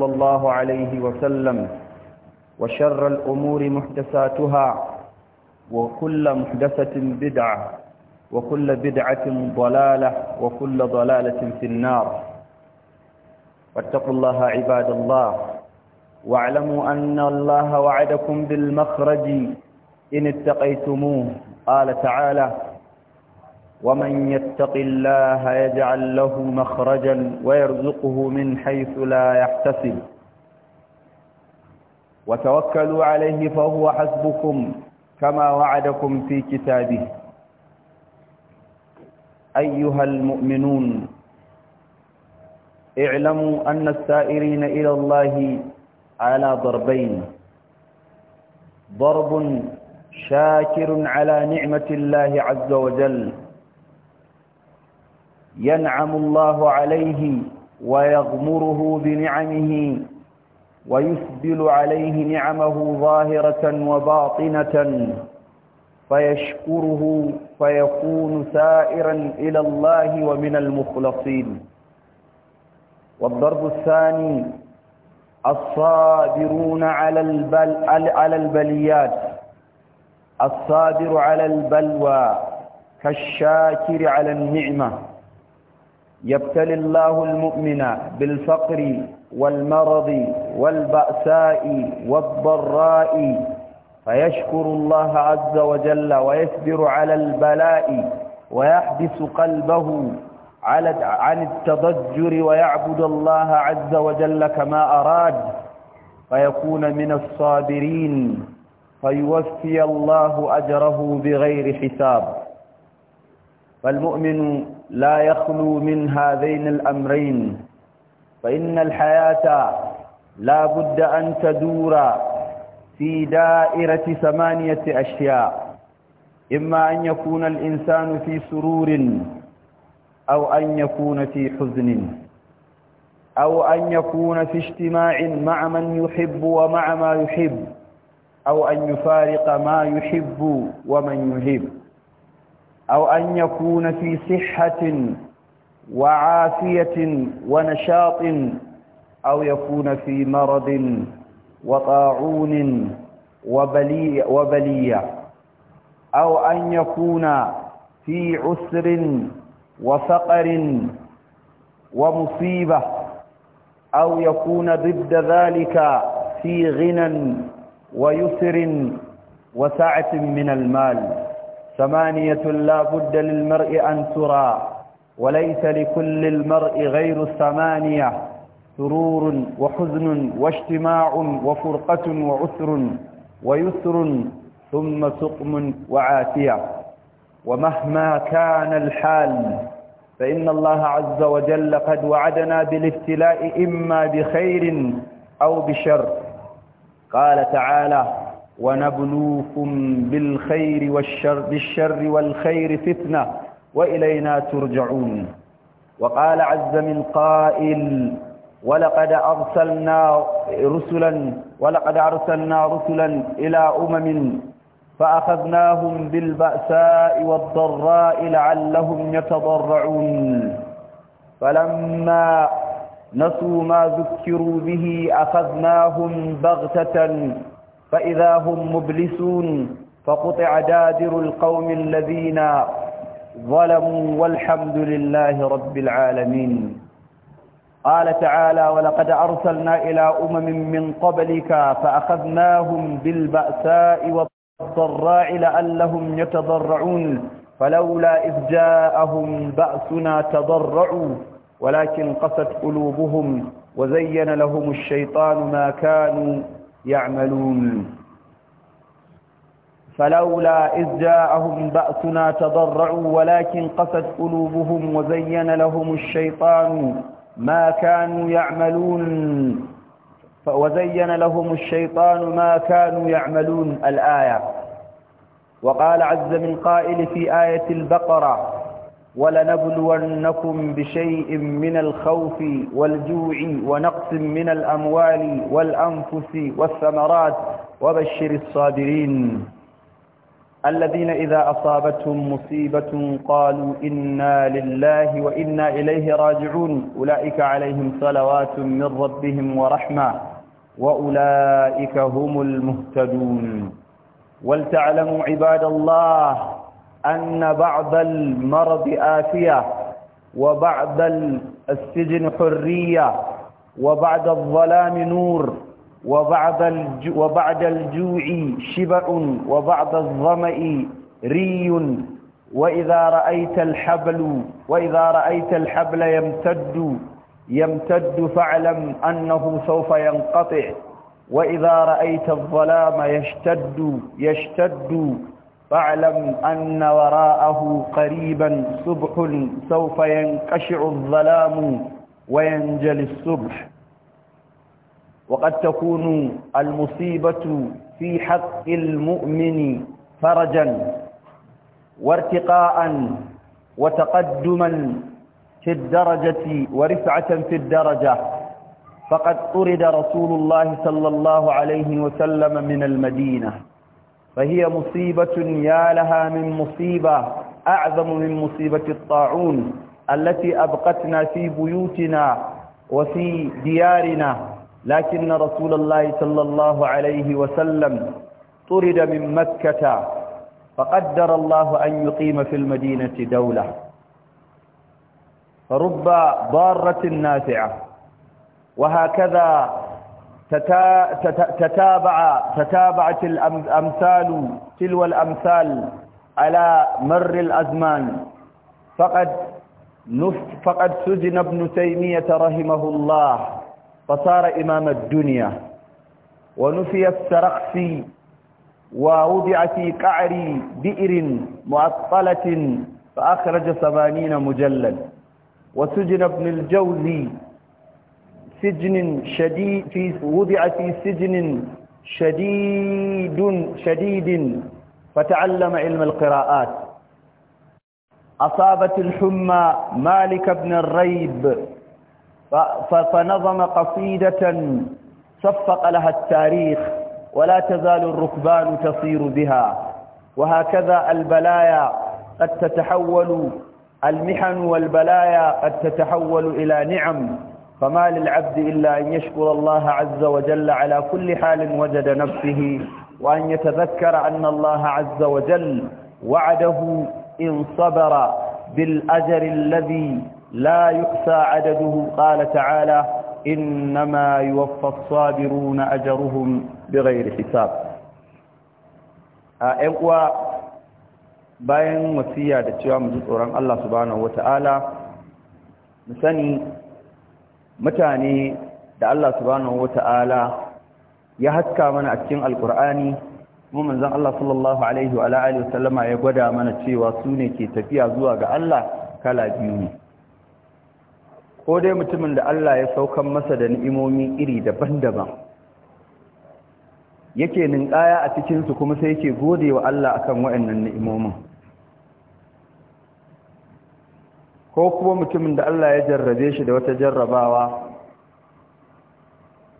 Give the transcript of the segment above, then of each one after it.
صلى الله عليه وسلم وشر الأمور محدثاتها وكل محدثة بدعة وكل بدعة ضلالة وكل ضلالة في النار واتقوا الله عباد الله واعلموا أن الله وعدكم بالمخرج إن اتقيتموه قال تعالى ومن يتق الله يجعل له مخرجا ويرزقه من حيث لا يحتسب وتوكلوا عليه فهو حسبكم كما وعدكم في كتابه أيها المؤمنون اعلموا أن السائرين إلى الله على ضربين ضرب شاكر على نعمة الله عز وجل ينعم الله عليه ويغمره بنعمه ويسبل عليه نعمه ظاهرة وباطنة فيشكره فيكون سائرا إلى الله ومن المخلصين والضرب الثاني الصابرون على البل على البليات الصابر على البلوى كالشاكر على النعمه يبتلي الله المؤمن بالفقر والمرض والبأساء والضراء فيشكر الله عز وجل ويصبر على البلاء ويحبس قلبه على عن التضجر ويعبد الله عز وجل كما أراد فيكون من الصابرين فيوفي الله أجره بغير حساب فالمؤمن لا يخلو من هذين الأمرين فإن الحياة لا بد أن تدور في دائرة ثمانية أشياء إما أن يكون الإنسان في سرور أو أن يكون في حزن أو أن يكون في اجتماع مع من يحب ومع ما يحب أو أن يفارق ما يحب ومن يحب أو أن يكون في صحة وعافية ونشاط أو يكون في مرض وطاعون وبلية أو أن يكون في عسر وفقر ومصيبة أو يكون ضد ذلك في غنى ويسر وسعة من المال ثمانية لا بد للمرء أن ترى وليس لكل المرء غير الثمانية سرور وحزن واجتماع وفرقة وعسر ويسر ثم سقم وعافية ومهما كان الحال فإن الله عز وجل قد وعدنا بالابتلاء إما بخير أو بشر قال تعالى ونبلوكم بالخير والشر بالشر والخير فتنة وإلينا ترجعون وقال عز من قائل ولقد أرسلنا رسلا ولقد أرسلنا رسلا إلى أمم فأخذناهم بالبأساء والضراء لعلهم يتضرعون فلما نسوا ما ذكروا به أخذناهم بغتة فإذا هم مبلسون فقطع دابر القوم الذين ظلموا والحمد لله رب العالمين قال تعالى ولقد أرسلنا إلى أمم من قبلك فأخذناهم بالبأساء والضراء لعلهم يتضرعون فلولا إذ جاءهم بأسنا تضرعوا ولكن قست قلوبهم وزين لهم الشيطان ما كانوا يعملون فلولا إذ جاءهم بأسنا تضرعوا ولكن قست قلوبهم وزين لهم الشيطان ما كانوا يعملون وزين لهم الشيطان ما كانوا يعملون الآية وقال عز من قائل في آية البقرة ولنبلونكم بشيء من الخوف والجوع ونقص من الأموال والأنفس والثمرات وبشر الصابرين الذين إذا أصابتهم مصيبة قالوا إنا لله وإنا إليه راجعون أولئك عليهم صلوات من ربهم ورحمة وأولئك هم المهتدون ولتعلموا عباد الله أن بعض المرض آفية وبعض السجن حرية وبعد الظلام نور وبعد, الجو وبعد الجوع شبع وبعد الظمأ ري وإذا رأيت الحبل وإذا رأيت الحبل يمتد يمتد فاعلم أنه سوف ينقطع وإذا رأيت الظلام يشتد يشتد فاعلم أن وراءه قريبا صبح سوف ينقشع الظلام وينجلي الصبح وقد تكون المصيبة في حق المؤمن فرجا وارتقاء وتقدما في الدرجة ورفعة في الدرجة فقد طرد رسول الله صلى الله عليه وسلم من المدينة فهي مصيبة يا لها من مصيبة أعظم من مصيبة الطاعون التي أبقتنا في بيوتنا وفي ديارنا لكن رسول الله صلى الله عليه وسلم طرد من مكة فقدر الله أن يقيم في المدينة دولة فرب ضارة نافعة وهكذا تتابع تتابعت الأمثال تلو الأمثال على مر الأزمان فقد فقد سجن ابن تيمية رحمه الله فصار إمام الدنيا ونفي السرقسي ووضع في قعر بئر معطلة فأخرج ثمانين مجلد وسجن ابن الجوزي سجن شديد في وضع في سجن شديد شديد فتعلم علم القراءات أصابت الحمى مالك بن الريب فنظم قصيدة صفق لها التاريخ ولا تزال الركبان تصير بها وهكذا البلايا قد تتحول المحن والبلايا قد تتحول إلى نعم فما للعبد إلا أن يشكر الله عز وجل على كل حال وجد نفسه وأن يتذكر أن الله عز وجل وعده إن صبر بالأجر الذي لا يحصى عدده قال تعالى إنما يوفى الصابرون أجرهم بغير حساب أقوى آه، باين wasiya da جزء الله سبحانه وتعالى Allah mutane da Allah subhanahu wata'ala ya haska mana a cikin alkur'ani kuma manzon Allah sallallahu alaihi wa alihi wasallama ya gwada mana cewa su ne ke tafiya zuwa ga Allah kala biyu ne ko dai mutumin da Allah ya saukan masa da ni'imomi iri daban-daban yake ninkaya a cikin su kuma sai yake gode wa Allah akan waɗannan ni'imomin ko kuma mutumin da Allah ya jarrabe shi da wata jarrabawa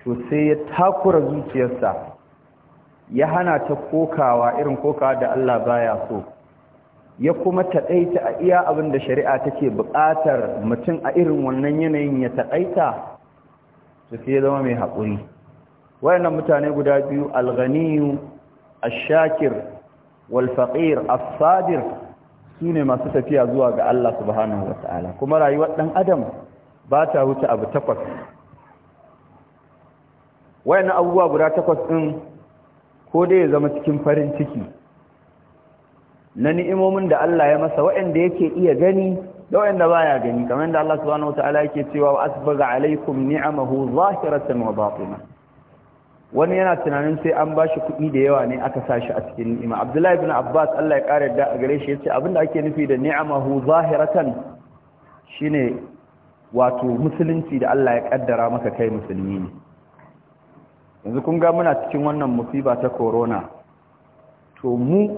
to sai ya takura zuciyarsa ya hana ta kokawa irin kokawa da Allah baya so ya kuma taɗaita a iya abin da shari'a take buƙatar mutum a irin wannan yanayin ya taɗaita to sai zama mai haƙuri wayannan mutane guda biyu alganiyu ashakir As-Sadir. su ne masu tafiya zuwa ga Allah subhanahu ta'ala kuma rayuwar ɗan adam ba ta wuce abu takwas wayan abubuwa guda takwas ɗin ko dai ya zama cikin farin ciki na ni'imomin da Allah ya masa waɗanda yake iya gani da waɗanda baya gani kamar da Allah subhanahu ta'ala yake cewa wa asbaga alaikum ni'amahu zahiratan wa batina wani yana tunanin sai an ba shi kuɗi da yawa ne aka sashi a cikin ni'ima abdullahi bin abbas allah ya ƙara yadda a gare shi ya ce abinda ake nufi da ni'amahu zahiratan shine wato musulunci da allah ya kaddara maka kai musulmi ne yanzu kun ga muna cikin wannan musiba ta corona to mu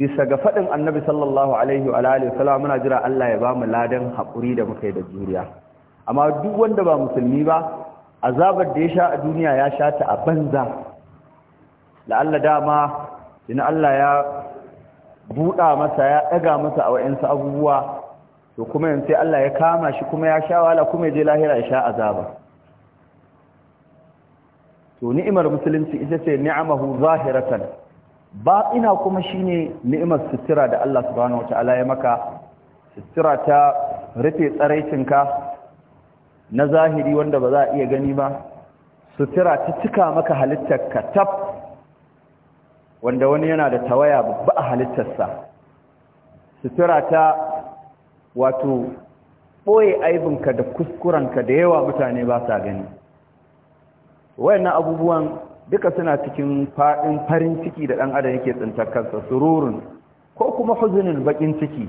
bisa ga faɗin annabi sallallahu alaihi wa alihi wasallam muna jira allah ya ba mu ladan hakuri da muka da juriya amma duk wanda ba musulmi ba azabar da ya sha a duniya ya sha ta a banza la'alla dama ina Allah ya buɗa masa ya ɗaga masa a wa'yansu abubuwa to kuma yanzu sai Allah ya kama shi kuma ya sha wala kuma ya je lahira ya sha azaba to ni'imar musulunci ita ce ni'amahu zahiratan ba ina kuma shine ni'imar sutura da Allah subhanahu wataala ya maka sutura ta rufe tsaraicinka na zahiri wanda ba za a iya gani ba sutura ta cika maka halittar ka wanda wani yana da tawaya babba a halittarsa sutura ta wato ɓoye aibinka da kuskurenka da yawa mutane ba sa gani wayannan abubuwan duka suna cikin faɗin farin ciki da ɗan adam yake tsintar kansa sururun ko kuma huzunin baƙin ciki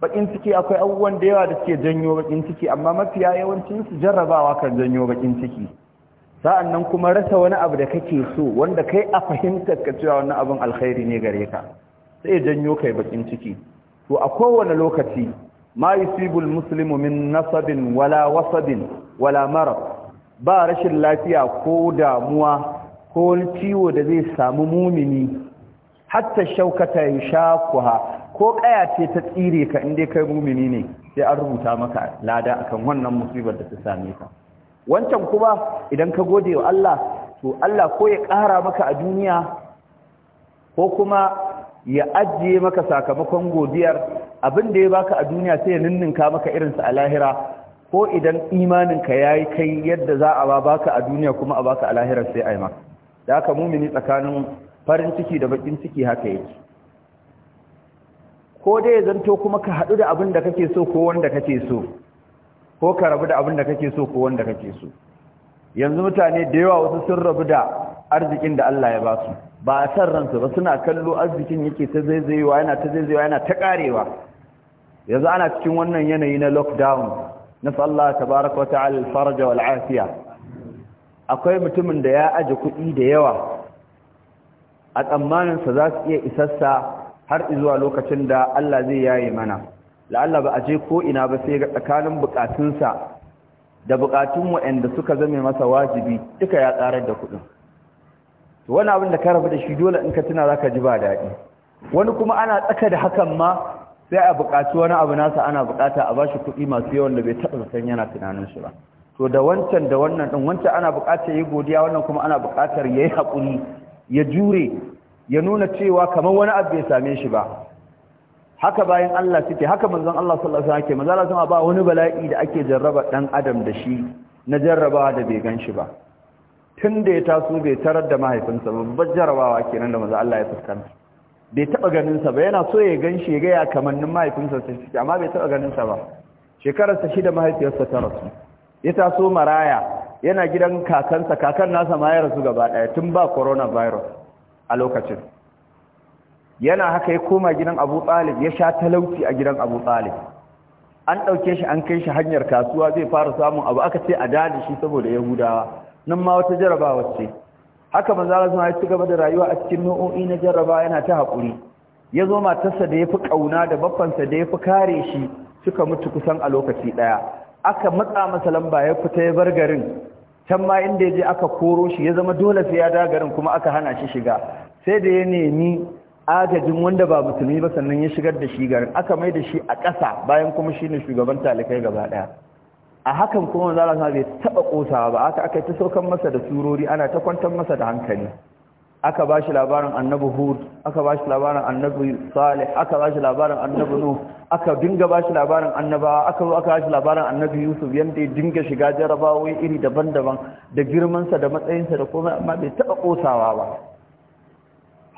bakin ciki akwai abubuwan da yawa da suke janyo bakin ciki amma mafiya yawancin su jarrabawa kan janyo bakin ciki sa'annan kuma rasa wani abu da kake so wanda kai a fahimtar ka cewa wannan abin alkhairi ne gare ka sai ya janyo kai bakin ciki to a kowane lokaci ma yusibul muslimu min nasabin wala wasabin wala marad ba rashin lafiya ko damuwa ko ciwo da zai samu mumini hatta shaukata yashaquha ko ƙaya ce ta tsire ka inda kai mumini ne sai an rubuta maka lada akan wannan musibar da ta same ka wancan kuma idan ka gode wa Allah to Allah ko ya ƙara maka a duniya ko kuma ya ajiye maka sakamakon godiyar abin da ya baka a duniya sai ya ninninka maka irinsa a lahira ko idan imaninka ya yi kai yadda za a baka a duniya kuma a baka a lahira sai a yi maka da haka mumini tsakanin farin ciki da bakin ciki haka yake ko dai ya zanto kuma ka haɗu da abin da kake so ko wanda kake so ko ka rabu da abin da kake so ko wanda kake so yanzu mutane da yawa wasu sun rabu da arzikin da Allah ya ba su ba a san ransu ba suna kallo arzikin yake ta zaizayewa yana ta zaizayewa yana ta karewa yanzu ana cikin wannan yanayi na lockdown na sallah tabaraka wata'ala alfarja wal afiya akwai mutumin da ya aje kuɗi da yawa a tsammanin sa za su iya isassa har zuwa lokacin da Allah zai yaye mana la'alla ba a je ko ina ba sai ga tsakanin bukatunsa da bukatun waɗanda suka zame masa wajibi duka ya tsarar da kuɗin to wani abin da ka rabu da shi dole in ka tuna zaka ji ba daɗi wani kuma ana tsaka da hakan ma sai a buƙaci wani abu nasa ana buƙata a bashi kuɗi masu yawan da bai taɓa san yana tunanin shi ba to da wancan da wannan ɗin wancan ana buƙatar yi godiya wannan kuma ana buƙatar ya yi haƙuri ya jure ya nuna cewa kamar wani abu bai same shi ba haka bayan Allah suke haka manzon Allah sallallahu alaihi wasallam ke manzala Allah ba wani bala'i da ake jarraba dan adam da shi na jarrabawa da bai ganshi ba tunda ya taso bai tarar da mahaifinsa ba babbar jarrabawa kenan da manzon Allah ya fuskanta bai taba ganin sa ba yana so ya ganshi ya ga ya kamannin mahaifinsa sai amma bai taba ganin sa ba shekararsa shida mahaifiyarsa ta rasu ya taso maraya yana gidan kakansa kakan nasa ma ya rasu gaba daya tun ba coronavirus a lokacin yana haka ya koma gidan abu talib ya sha talauci a gidan abu talib an ɗauke shi an kai shi hanyar kasuwa zai fara samun abu aka ce a da shi saboda yahudawa nan ma wata jarabawa ce haka manzo Allah ya ci gaba da rayuwa a cikin nau'o'i na jaraba yana ta haƙuri ya zo matarsa da ya fi ƙauna da baffansa da ya fi kare shi suka mutu kusan a lokaci ɗaya. aka matsa masa lamba ya fita ya bar garin can ma inda ya je aka koro shi ya zama dole sai ya dagarin kuma aka hana shi shiga sai da ya nemi agajin wanda ba musulmi ba sannan ya shigar da shi garin aka mai da shi a ƙasa bayan kuma shi ne shugaban talikai gaba ɗaya a hakan kuma zalasa bai taɓa ƙosawa ba aka aka ta saukan masa da surori ana ta kwantar masa da hankali aka ba shi labarin annabi hud aka ba shi labarin annabi salih aka ba shi labarin annabi nuh aka dinga ba shi labarin annaba aka zo aka ba shi labarin annabi yusuf yanda ya dinga shiga jarabawai iri daban-daban da girmansa da matsayinsa da komai amma bai taɓa ƙosawa ba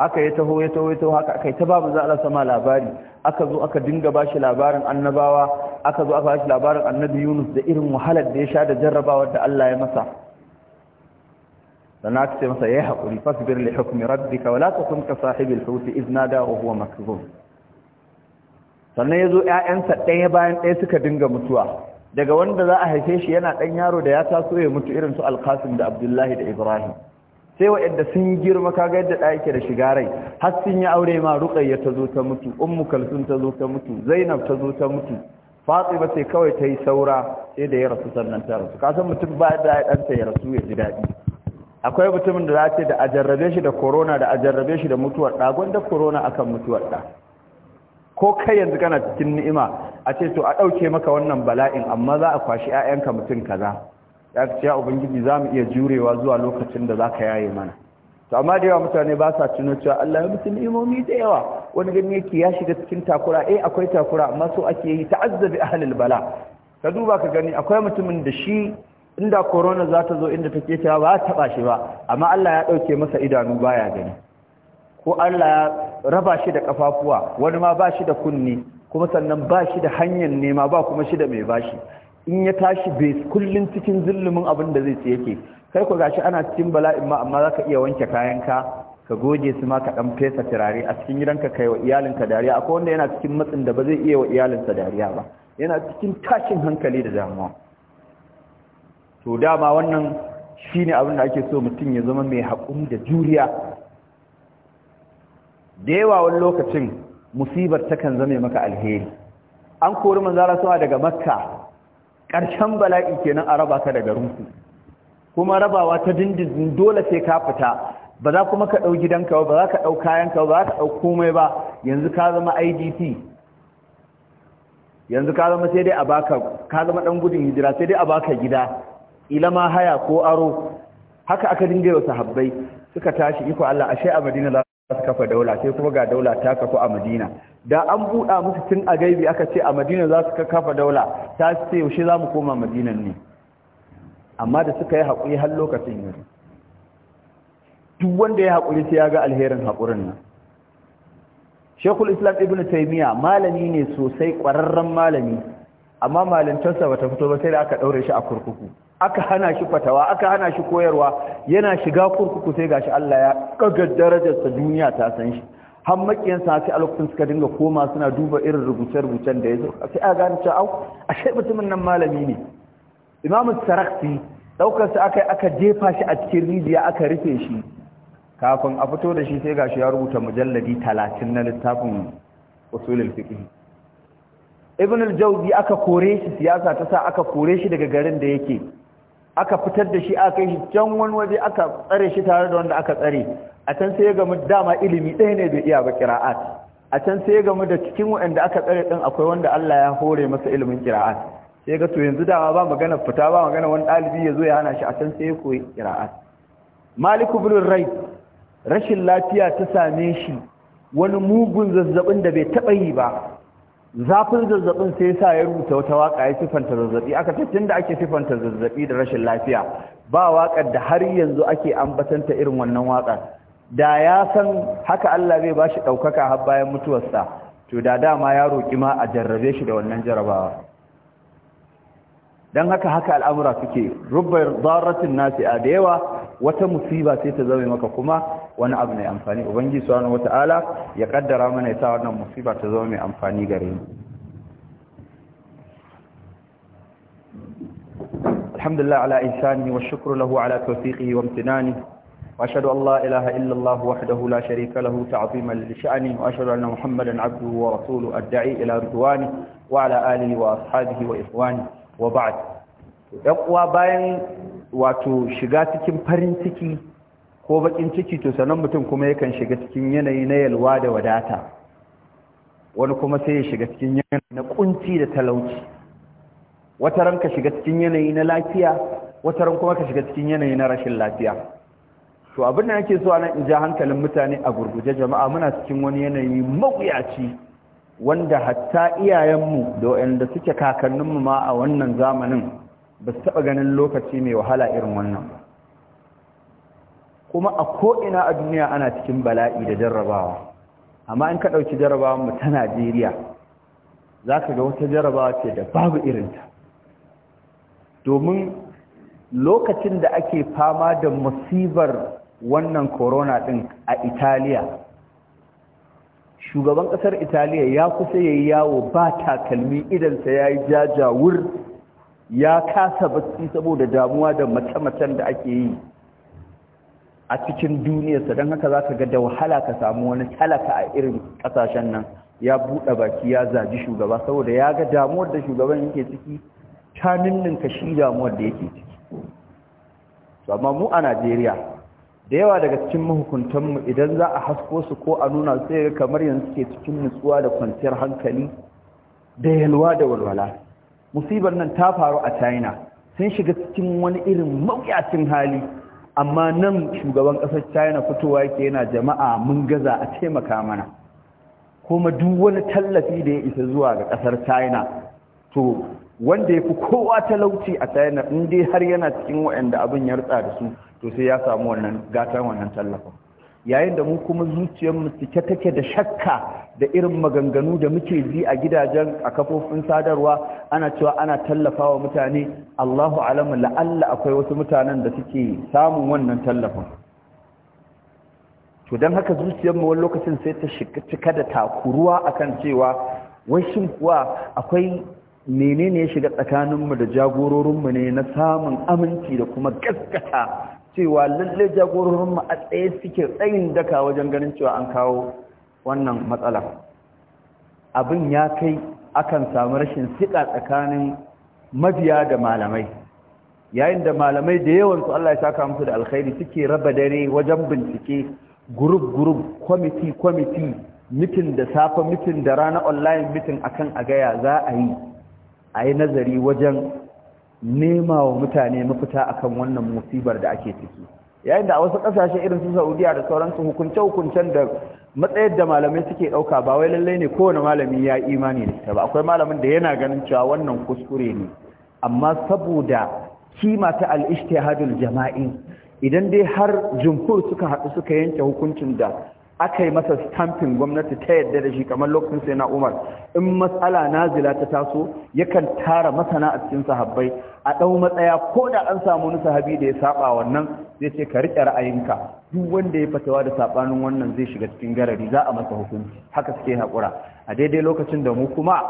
Aka yi taho ya taho ya taho haka aka yi ta babu za a sama labari aka zo aka dinga ba shi labarin annabawa aka zo aka ba shi labarin annabi yunus da irin wahalar da ya sha da jarrabawar da allah ya masa sannan aka ce masa ya yi haƙuri fasbir li hukmi rabbika wala takun ka sahibil huti iz nada wa huwa sannan yazo 'ya'yansa ɗaya bayan ɗaya suka dinga mutuwa daga wanda za a haife shi yana ɗan yaro da ya taso ya mutu irin su alkasim da abdullahi da ibrahim sai waɗanda sun girma kaga yadda ɗaya yake da shigarai, rai har sun yi aure ma ruƙayya ta zo ta mutu ummu kalsun ta zo ta mutu zainab ta zo ta mutu fatima sai kawai ta yi saura sai da ya rasu sannan ta rasu kasan mutum ba da ya ɗanta ya rasu ya ji daɗi akwai mutumin da za ce da a jarrabe shi da korona da a jarrabe shi da mutuwar ɗa da korona akan mutuwar ɗa ko kai yanzu kana cikin ni'ima a ce to a ɗauke maka wannan bala'in amma za a kwashi 'ya'yanka mutum kaza ya ce ya ubangiji za mu iya jurewa zuwa lokacin da za ka yaye mana to amma da yawa mutane ba sa tuno cewa Allah ya mutum imomi da yawa wani gani yake ya shiga cikin takura eh akwai takura amma so ake yi ta'azzabi ahlul bala ka duba ka gani akwai mutumin da shi inda corona za ta zo inda ta ke cewa ba ta taba shi ba amma Allah ya dauke masa idanu baya gani ko Allah ya raba shi da kafafuwa wani ma ba shi da kunni kuma sannan ba shi da hanyar nema ba kuma shi da mai bashi in ya tashi bai kullun cikin zullumin abin da zai tsaye yake kai ku gashi ana cikin bala'in ma amma zaka iya wanke kayan ka ka goge su ma ka dan fesa turare a cikin gidanka kai wa iyalinka dariya akwai wanda yana cikin matsin da ba zai iya wa iyalinsa dariya ba yana cikin tashin hankali da damuwa to dama wannan shine abin da ake so mutum ya zama mai haƙuri da juriya da yawa wani lokacin musibar takan zama maka alheri an kori manzara suwa daga makka ƙarshen bala'i kenan a raba ka daga rumfu kuma rabawa ta dindindin dole sai ka fita ba za kuma ka ɗau gidanka ba za ka ɗau kayanka ba za ka ɗau komai ba yanzu ka zama idp yanzu ka zama sai dai a baka ka zama ɗan gudun hijira sai dai a baka gida ila ma haya ko aro haka aka dinge wa sahabbai suka tashi iko Allah ashe a Madina za su kafa daula sai kuma ga daula ta kafa a Madina da an buɗa musu tun a gaibi aka ce a Madina za su kafa daula ta ce yaushe za mu koma Madinan ne amma da suka yi haƙuri har lokacin yanzu duk wanda ya haƙuri sai ya ga alherin hakurin nan Sheikhul islam ibn Taymiyyah malami ne sosai ƙwararren malami amma malintarsa ta fito ba sai da aka ɗaure shi a kurkuku aka hana shi fatawa aka hana shi koyarwa yana shiga kurkuku sai gashi Allah ya kaga darajarsa duniya ta san shi har makiyansa sai alƙun suka dinga koma suna duba irin rubuce-rubucen da ya zo sai a gane cewa au ashe mutumin nan malami ne Imam Sarakti daukar sa aka aka jefa shi a cikin rijiya aka rufe shi kafin a fito da shi sai gashi ya rubuta mujalladi talatin na littafin usulul fiqh ibn al-jawzi aka kore shi siyasa ta sa aka kore shi daga garin da yake aka fitar da shi aka kai shi can wani waje aka tsare shi tare da wanda aka tsare a can sai ya gamu dama ilimi ɗaya ne bai iya ba qira'at a can sai ya gamu da cikin waɗanda aka tsare din akwai wanda Allah ya hore masa ilimin qira'at sai ga to yanzu dama ba magana fita ba magana wani ɗalibi ya zo ya hana shi a can sai ya koyi qira'at malik ibn rai rashin lafiya ta same shi wani mugun zazzabin da bai taɓa yi ba zafin zazzabin sai sa ya rubuta wata waka ya sifanta zazzabi aka tun da ake sifanta zazzabi da rashin lafiya ba wakar da har yanzu ake ambatanta irin wannan wakar da ya san haka Allah zai ba shi ɗaukaka har bayan mutuwarsa to da dama ya roki ma a jarrabe shi da wannan jarabawa dan haka haka al'amura suke rubbar zaratin nasi a da yawa wata musiba sai ta zame maka kuma wani abu mai amfani ubangiji subhanahu wata'ala ya kaddara mana ya wannan musiba ta zama mai amfani gare mu alhamdulillah ala insani wa shukru lahu ala tawfiqihi wa imtinani وأشهد أن لا إله إلا الله وحده لا شريك له تعظيما wa rasuluhu أن ila عبده wa الداعي إلى رضوانه وعلى آله وأصحابه وإخوانه وبعد يقوى باين wato shiga cikin farin ciki ko bakin ciki to sanan mutum kuma yakan shiga cikin yanayi na yalwa da wadata wani kuma sai ya shiga cikin yanayi na kunci da talauci wata ranka shiga cikin yanayi na lafiya wata ran kuma ka shiga cikin yanayi na rashin lafiya to abin da nake so nan in ja hankalin mutane a gurguje jama'a muna cikin wani yanayi mawuyaci wanda hatta iyayenmu da waɗanda suke kakanninmu ma a wannan zamanin ba su taɓa ganin lokaci mai wahala irin wannan ba kuma a ko'ina a duniya ana cikin bala'i da jarrabawa amma in ka ɗauki jarrabawa mu ta najeriya za ka ga wata jarrabawa ce da babu irinta domin lokacin da ake fama da musibar wannan corona ɗin a italiya shugaban ƙasar italiya ya kusa ya yi yawo ba takalmi idansa ya yi jajawur ya kasa bacci saboda damuwa da mace-macen da ake yi a cikin duniyarsa don haka za ka ga da wahala ka samu wani talaka a irin kasashen nan ya buɗe baki ya zaji shugaba saboda ya ga damuwar da shugaban yake ciki ta ka shi damuwar da yake ciki amma mu a najeriya da yawa daga cikin mahukuntanmu idan za a hasko su ko a nuna sai kamar yanzu ke cikin nutsuwa da kwanciyar hankali da yalwa da walwala musibar nan ta faru a china sun shiga cikin wani irin mawuyacin hali amma nan shugaban ƙasar china fitowa yake yana jama'a mun gaza a taimaka mana kuma duk wani tallafi da ya isa zuwa ga ƙasar china to wanda ya fi kowa talauci a china in dai har yana cikin waɗanda abin ya rutsa da su to sai ya samu wannan gatan wannan tallafin yayin da mu kuma mu cike take da shakka da irin maganganu da muke ji a gidajen a kafofin sadarwa ana cewa ana tallafa wa mutane Allahu alamu la'alla akwai wasu mutanen da suke samun wannan tallafin to don haka zuciyarmu wani lokacin sai ta cika da takuruwa akan cewa wai shin kuwa akwai menene ya shiga tsakaninmu da jagororinmu ne na samun aminci da kuma gaskata cewa lalle jagororin mu a tsaye suke tsayin daka wajen ganin cewa an kawo wannan matsala abin ya kai akan samu rashin siƙa tsakanin mabiya da malamai yayin da malamai da yawansu Allah ya saka musu da alkhairi suke raba dare wajen bincike group group committee committee mitin da safa mitin da rana online mitin akan a gaya za a yi a yi nazari wajen nema wa mutane mafita akan wannan musibar da ake ciki yayin da a wasu kasashe irin su Saudiya da sauransu hukunce hukuncen da matsayar da malamai suke ɗauka, ba wai lallai ne kowane malami ya yi imani da ita ba akwai malamin da yana ganin cewa wannan kuskure ne amma saboda kima ta al-ijtihadul jama'i idan dai har jumhur suka haɗu suka yanke hukuncin da aka yi masa stamping gwamnati ta yadda da shi kamar lokacin sai na umar in matsala nazila ta taso yakan tara masana a cikin sahabbai a ɗau matsaya ko da an samu wani sahabi da ya saba wannan zai ce ka riƙe ra'ayinka duk wanda ya fatawa da sabanin wannan zai shiga cikin garari za a masa hukunci haka suke haƙura a daidai lokacin da mu kuma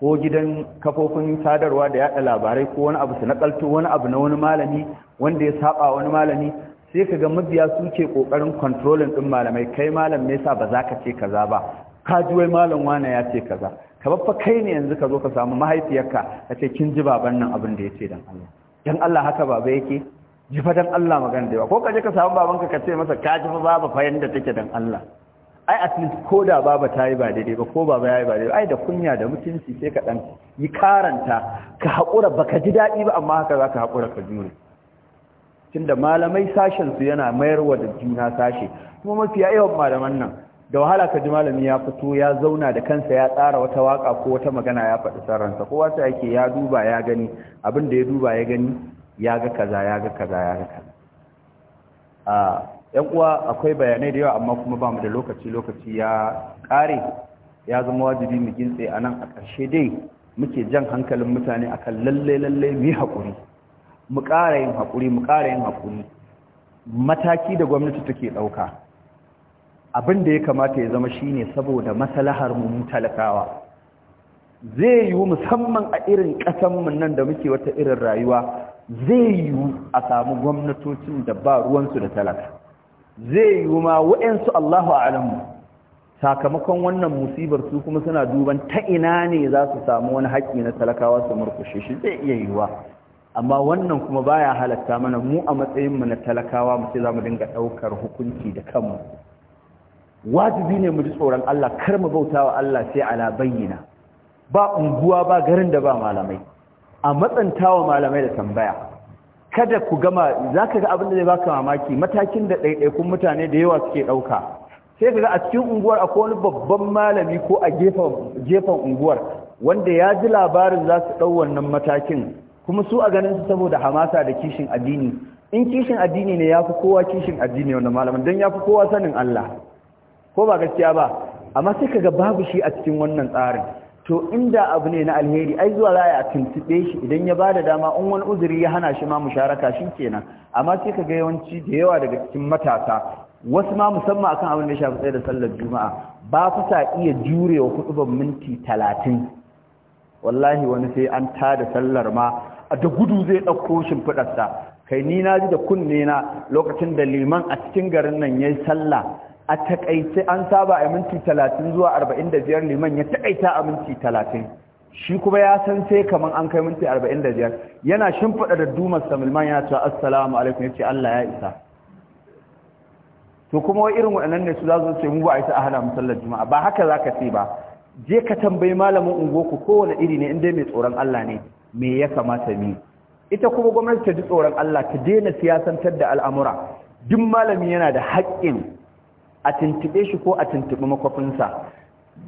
ko gidan kafofin sadarwa da yaɗa labarai ko wani abu su naƙalto wani abu na wani malami wanda ya saba wani malami sai ka ga mabiya suke kokarin kontrolin din malamai kai malam me yasa ba za ka ce kaza ba ka ji wai malam wane ya ce kaza ka fa kai ne yanzu ka zo ka samu mahaifiyarka ka ce kin ji baban nan abin da ya ce dan Allah dan Allah haka baba yake ji fa dan Allah magana da yawa. ko ka je ka samu babanka ka ce masa ka ji fa baba fa yanda take dan Allah ai at least ko da baba ta yi ba daidai ba ko baba ya yi ba daidai ai da kunya da mutunci sai ka dan yi karanta ka haƙura baka ji daɗi ba amma haka za ka haƙura ka jure da malamai sashen su yana wa da juna sashe kuma mafiya yawan malaman nan da wahala ka ji malami ya fito ya zauna da kansa ya tsara wata waka ko wata magana ya faɗi sarransa kowa sai yake ya duba ya gani abin da ya duba ya gani ya ga kaza ya ga kaza ya ga kaza a yan uwa akwai bayanai da yawa amma kuma ba mu da lokaci lokaci ya kare ya zama wajibi mu gintse anan a ƙarshe dai muke jan hankalin mutane akan lalle lallai mu yi haƙuri mu ƙara yin haƙuri mu ƙara yin haƙuri mataki da gwamnati take ɗauka abin da ya kamata ya zama shine saboda masalahar mu talakawa zai yiwu musamman a irin ƙasanmu nan da muke wata irin rayuwa zai yiwu a samu gwamnatocin da ba ruwansu da talaka zai yiwu ma wa'yansu Allahu alamu sakamakon wannan musibar su kuma suna duban ta ina ne za su samu wani haƙƙi na talakawa su murkushe shi zai iya yiwuwa amma wannan kuma baya halatta mana mu a matsayin mu na talakawa mu ce za mu dinga ɗaukar hukunci da kanmu wajibi ne mu ji tsoron Allah kar mu bauta wa Allah sai ala bayyana ba unguwa ba garin da ba malamai a matsantawa malamai da tambaya kada ku gama za ga abin da zai baka mamaki matakin da ɗaiɗaikun mutane da yawa suke ɗauka sai ka a cikin unguwar akwai wani babban malami ko a gefen unguwar wanda ya ji labarin za su ɗau wannan matakin kuma su a ganin su saboda hamasa da kishin addini in kishin addini ne ya fi kowa kishin addini malaman malamin ya fi kowa sanin Allah ko ba gaskiya ba amma sai kaga babu shi a cikin wannan tsarin to inda abu ne na alheri ai zuwa za a tuntube shi idan ya bada dama in wani uzuri ya hana shi ma musharaka shi kenan amma sai kaga yawanci da yawa daga cikin matasa wasu ma musamman akan abin da shafi tsaye da sallar juma'a ba ku sa iya jurewa ban minti talatin wallahi wani sai an tada sallar ma da gudu zai ɗauko shimfiɗarsa kai ni na ji da kunne na lokacin da liman a cikin garin nan ya yi sallah a taƙaice an saba a minti talatin zuwa arba'in da biyar liman ya taƙaita a minti talatin shi kuma ya san sai kamar an kai minti arba'in da biyar yana shimfiɗa da dumar samilman ya ce assalamu alaikum ya ce allah ya isa to kuma wai irin waɗannan ne su za su ce mu ba a yi ta hana musallar juma'a ba haka za ka ce ba je ka tambayi malamin unguwarku kowane iri ne in dai mai tsoron allah ne me ya kamata ni ita kuma gwamnati ta ji tsoron Allah ta daina siyasantar da al'amura duk malami yana da haƙƙin a tuntube shi ko a tuntubi makwafinsa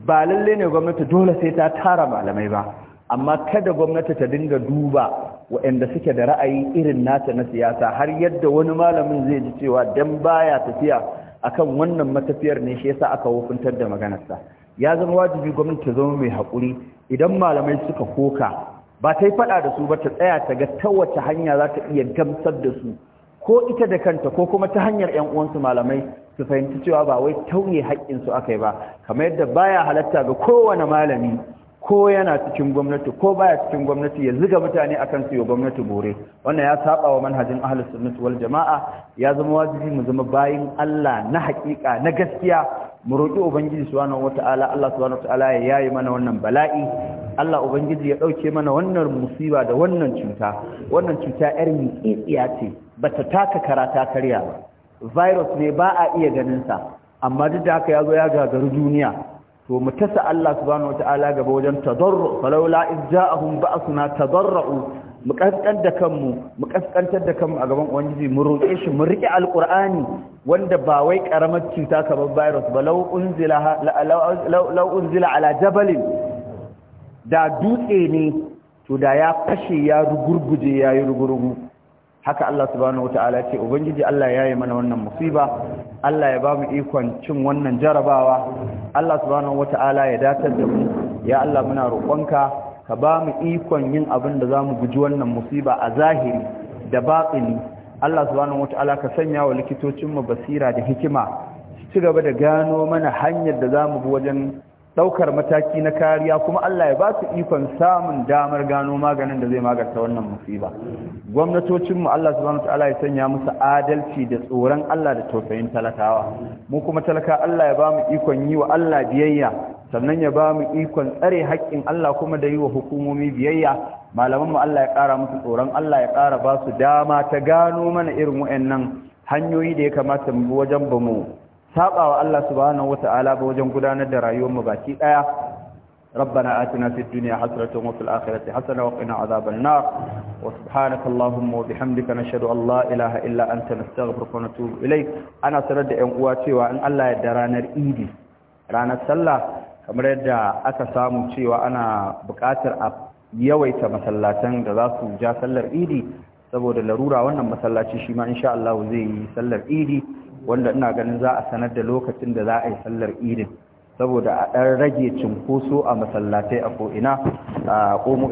ba lalle ne gwamnati dole sai ta tara malamai ba amma kada gwamnati ta dinga duba waɗanda suke da ra'ayi irin nata na siyasa har yadda wani malamin zai ji cewa dan baya tafiya akan wannan matafiyar ne shi yasa aka hukuntar da maganarsa ya zama wajibi gwamnati ta zama mai haƙuri idan malamai suka koka ba ta yi faɗa da su ba ta tsaya ta ga ta wace hanya za ta iya gamsar da su ko ita da kanta ko kuma ta hanyar ‘yan uwansu malamai su fahimci cewa ba wai tauye haƙƙinsu aka yi ba kamar yadda baya halatta ga kowane malami ko yana cikin gwamnati ko baya cikin gwamnati ya ziga mutane akan su yi gwamnati bore wannan ya saba wa manhajin ahlus sunnah wal jamaa ya zama wajibi mu zama bayin Allah na hakika na gaskiya mu roki ubangiji subhanahu wataala Allah subhanahu wataala ya yayi mana wannan bala'i Allah ubangiji ya dauke mana wannan musiba da wannan cuta wannan cuta yar mitsiya ce bata taka karata karya ba virus ne ba a iya ganin sa amma duk da haka ya zo ya gagaru duniya to mu tasa Allah subhanahu wataala gaba wajen tadarru falawla iz ja'ahum ba'suna tadarru mu kaskantar da kanmu mu kaskantar da kanmu a gaban ubangiji mu roƙe shi mu riƙe alqur'ani wanda ba wai karamar cuta kamar virus ba law unzila law unzila ala jabalin da dutse ne to da ya fashe ya rugurguje ya yi rugurugu haka Allah subhanahu wata'ala ce ubangiji Allah ya yi mana wannan musiba Allah ya ba mu ikon cin wannan jarabawa Allah subhanahu wata'ala ya datar da mu ya Allah muna roƙonka ka ba mu ikon yin abin da zamu guji wannan musiba a zahiri da batsini Allah subhanahu wata'ala ka sanya wa likitocin mu basira da hikima ci gaba da gano mana hanyar da zamu mu bi wajen Daukar mataki na kariya kuma Allah ya ba su ikon samun damar gano maganin da zai magarta wannan musiba gwamnatocinmu Allah subhanahu wataala ya sanya musu adalci da tsoron Allah da tofayin talakawa mu kuma talaka Allah ya ba mu ikon yi wa Allah biyayya sannan ya ba mu ikon tsare haƙƙin Allah kuma da yi wa hukumomi biyayya malamanmu Allah ya ƙara musu tsoron Allah ya ƙara ba su dama ta gano mana irin wa'annan hanyoyi da ya kamata mu wajen bamu. sabawa Allah subhanahu wata'ala ba wajen gudanar da rayuwar mu baki daya ربنا آتنا في الدنيا حسنة وفي الآخرة حسنة وقنا عذاب النار وسبحانك اللهم وبحمدك نشهد أن لا إله إلا أنت نستغفرك ونتوب إليك أنا سرد أن أواتي وأن الله يدرانا الإيدي رانا السلة kamar yadda aka samu cewa ana buƙatar a yawaita masallatan da za su ja sallar idi saboda larura wannan masallaci shi ma insha Allah zai yi sallar idi wanda ina ganin za a sanar da lokacin da za a yi sallar idin saboda a ɗan rage cinkoso a masallatai a ko'ina a